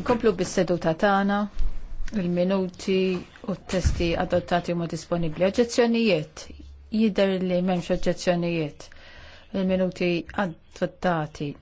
Nkomplu bis-seduta tagħna il-minuti u t-testi adottati huma disponibbli. Oġġezzjonijiet jidher li m'hemmx oġġezzjonijiet. Il-minuti adottati